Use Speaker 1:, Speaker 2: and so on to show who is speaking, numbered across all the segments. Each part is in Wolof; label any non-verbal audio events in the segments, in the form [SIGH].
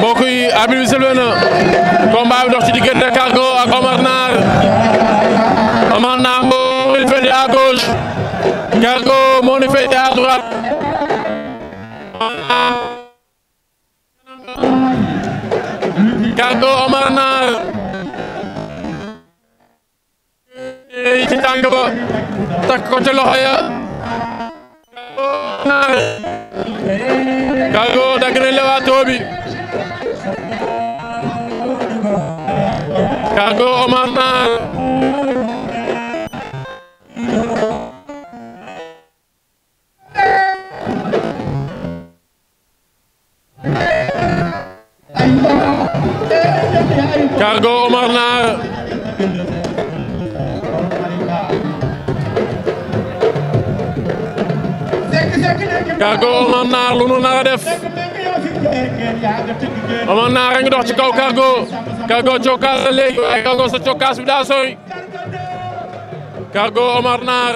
Speaker 1: mbokk yi Habib Sylvain combat bi dox ci ak Omar Naar Omar Naar moo ñu féete à gauche Cargo moo ñu Omar Naar ci tàng ba takk ko ci loxo ya Cargo dagg na lewaatoo bi Cargo Omar Omar Naar lu nu nara def Omar Naar a ngi dox ci kaw Cargo Cargo cokkaas la léegi Cargo sa cokkaas bi daa Cargo Omar Naar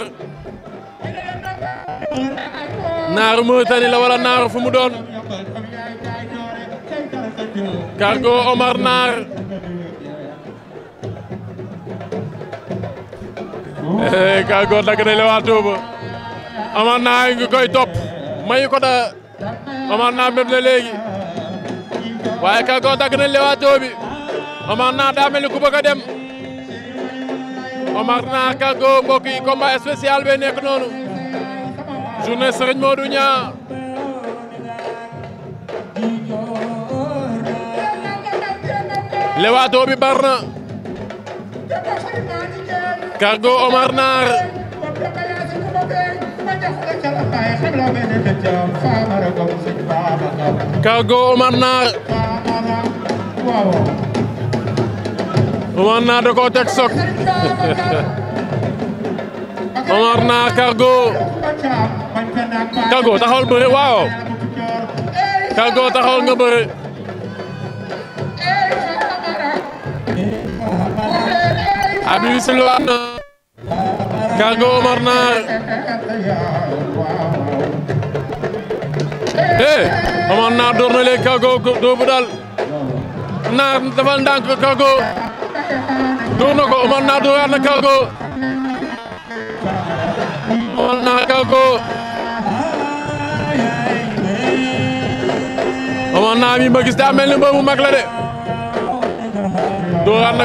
Speaker 1: Naar Mauritanie la wala Naar fu mu doon Cargo Omar Naar eh, Cargo dagg na lewaatoo ba Omar Naar ngi koy topp mayu ko da Omar Naar bépp na léegi waaye Kalko dagg na lewaatoo bi Omar Naar daa mel ni ku dem Omar Naar Kalko mbokk yi combat spécial bee nekk noonu journée Serigne Modou Niang lewaatoo bi bar na Kalko Omar Naar Cargo Omar Naar Omar Naar da koo teg sok [LAUGHS] Omar Naar Cargo Cargo taxawal bëre waaw Cargo taxawal nga bëre abi wi Gango Omar Naar eh Omar Naar door na leen Gango doobu daal Naar dafa ndànk Gango door ko Omar Naar dooraat na Gango Omar Naar Gango Omar Naar ma gis daa mel ni mbër mu la de dooraat na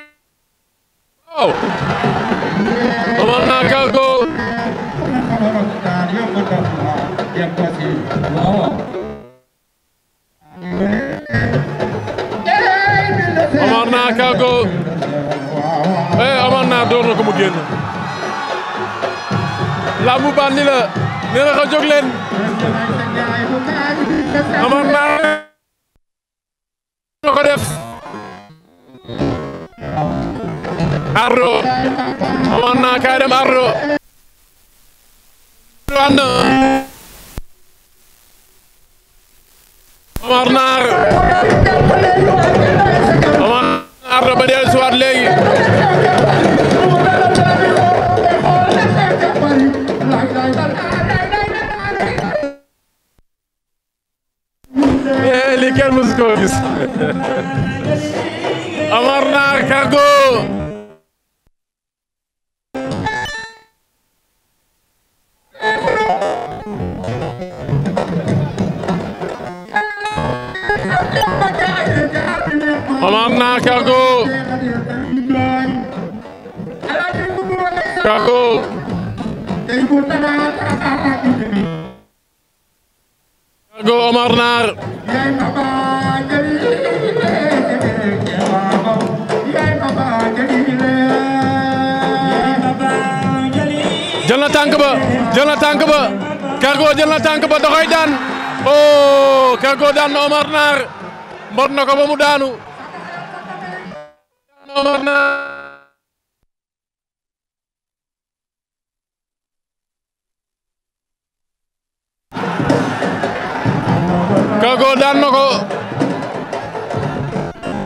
Speaker 1: Omar naa Kago eh Omar naa door na ko mu génn làmbu bandi la nee na ko jóg leen Omar naa def Ardo Omar naa kaay dem Omar Naar Omar Naar dama dellu si waat léegi eh li kenn mësu ko gis
Speaker 2: Omar Naar Cargo
Speaker 1: naa Cargo tànk ba jël na tànk ba Cargo jël na ba da daan oh Cargo daan na Omar Naar mbot na ko ba mu daanu Kago daan na ko